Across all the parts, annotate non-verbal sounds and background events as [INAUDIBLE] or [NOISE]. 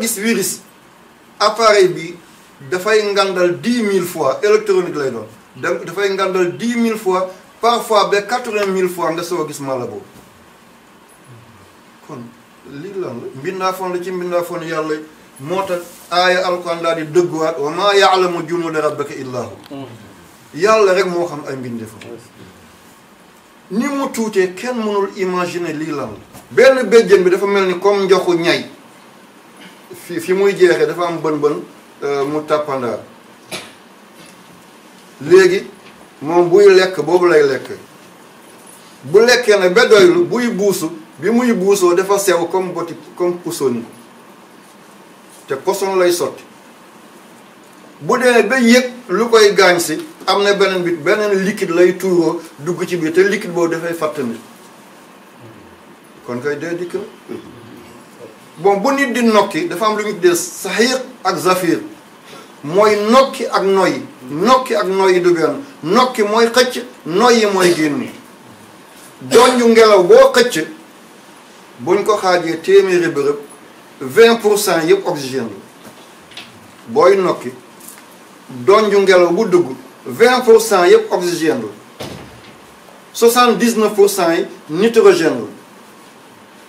nga gis virus appareil bi dafay ngandal dix mille fois électronique lay doon donc dafay ngandal dix mille fois parfois ba quatre-vingt mille fois nga soo gis mala boobu kon lii lan la mbindaafoon la ci mbindaafoon yàlla moo tax aaya alquran daal di dëgguwaat wa maa yaalamu junuuda rabbika illaa yàlla rek moo xam ay mbindeef ni mu tuutee kenn mënul imagine lii lan la benn béjjén bi dafa mel ni comme njoxu ñay fi fi muy jeexee dafa am bën bën euh, mu tàppandaar léegi moom buy lekk boobu lay lekk bu lekkee ne ba doylu buy buusu bi muy buusoo dafa sew comme boti comme poson te poson lay sotti bu dee ba yëg lu koy gaañ si am na beneen bit beneen liquide lay tuuroo dugg ci biir te liquide boobu dafay fàtt nit kon koy dee dikk na bon bu nit di nokki dafa am lu ñu tuddee saxiir ak zafir mooy nokki ak noyyi nokki ak yi du benn nokki mooy xëcc noyyi mooy génn donju ngelaw boo xëcc buñ ko xaajee téeméeri bërëb vingt pour cent yëpp oxygène la booy nokki donju ngelaw bu dugg vingt pour cent yëpp oxygène la soixante dix neuf pour cent yi nitrogène la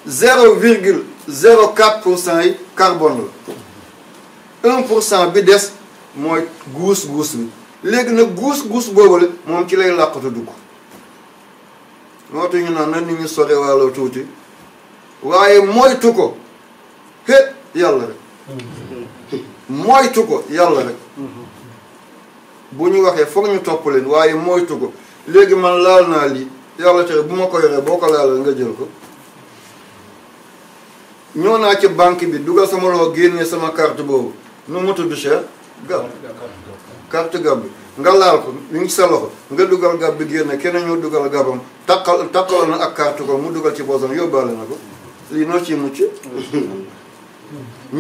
zéro virgule zéro quatre pour cent yi carbone la un pour cent bi des mooy guus guus bi léegi nag guus guus boobu la moom ci lay làqatu dugg moo tax na nit ñi sore wàllo tuuti waaye moytu ko hé yàlla rek moytu ko yàlla rek bu ñu waxee foog ñu topp leen waaye moytu ko léegi man laal naa lii yàlla tere bu ma ko yoree boo ko laalee nga jël ko ñëw naa ci banque bi dugal sama loo génne sama carte boobu nu mu tudd cher gab carte gab bi nga laal ko ñu ngi sa loxo nga dugal gab bi génne keneen ñoo dugal gabam takkal takkal na ak carte ko mu dugal ci boosam yóbbaale na ko lii noo ciy mucc [LAUGHS]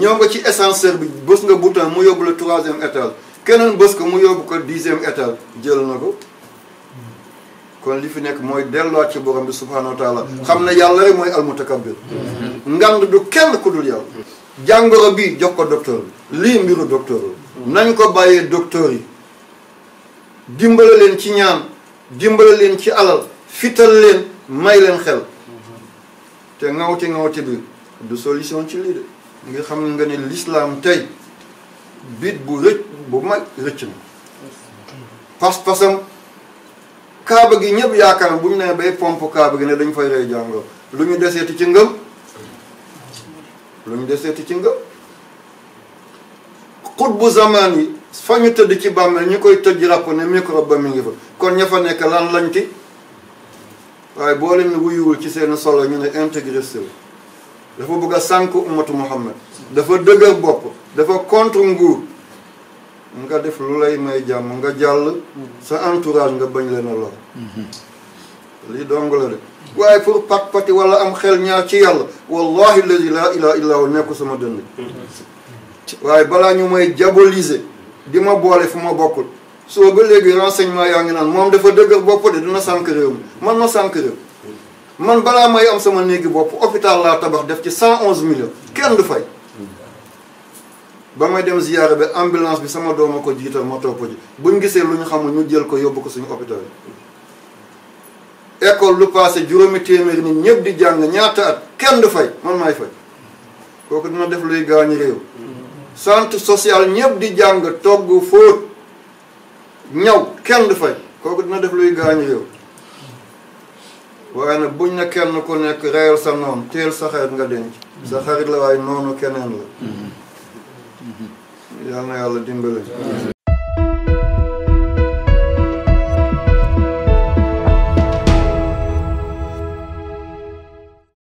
ñëw nga ci ascenseur bi bës nga bouton mu yóbbu la troisième étage keneen bës ko mu yóbbu ko dixième étage jël na ko kon li fi nekk mooy delluwaat ci borom bi subhaanahu wa xam ne yàlla rek mooy almutakabbir ngand du kenn ku dul yàlla jàngoro bi jox ko docteur bi lii mbiru docteur la nañ ko bàyyee docteur yi dimbale leen ci ñaan dimbale leen ci alal fital leen may leen xel te ngawti ngawti bi du solution ci lii de nga xam nga ne l'islam tey bit bu rëcc bu mag rëcc na pas-pasam kaaba gi ñëpp yaakaar bu ñu nee bay pomp kaaba gi ne dañ fay ree jàngoro lu ñu deseeti ci ngëm lu ñu deseeti ci ngëm xutbu zamaan yi fa ñu tëdd ci bàmmeel ñu koy tëj ràpp ne microbe ba mi ngi fa kon ña fa nekk lan lañ ti waaye boo leen wuyuwul ci seen solo ñu ne intégriste la dafa bëgg a sànk ummatu muhammad dafa dëgër bopp dafa contre nguur nga def lu lay may jàmm nga jàll mm-hmm. sa entourage nga bañ leen a lor mm-hmm. lii la de waaye pour pat pati wala am xel ñaar ci yàlla wallahi lazi laa ilaha illa hu nekku sama dënd mm-hmm. waaye balaa ñu may diaboliser di ma boole fu ma bokkul soo ba léegi renseignement yaa ngi naan moom dafa dëgër bopp de dina sànk réew man ma sànk man balaa may am sama néegi bopp hôpital laa tabax def ci cent onze millions kenn du fay ba may dem ziyaara bi ambulance bi sama doom a ko jiital ma topp ji buñ gisee lu ñu xamul ñu jël ko yóbbu ko suñu hôpital yi école lu passé juróomi téeméeri nit ñëpp di jàng ñaata at kenn du fay man maay fay kooku dina def luy gaañ réew centre social ñëpp di jàng togg fóot ñaw kenn du fay kooku dina def luy gaañ réew waaye nag buñ ne kenn ko nekk reyal sa noon teel sa xarit nga denc sa xarit la waaye noonu keneen la yàlla na yàlla dimbale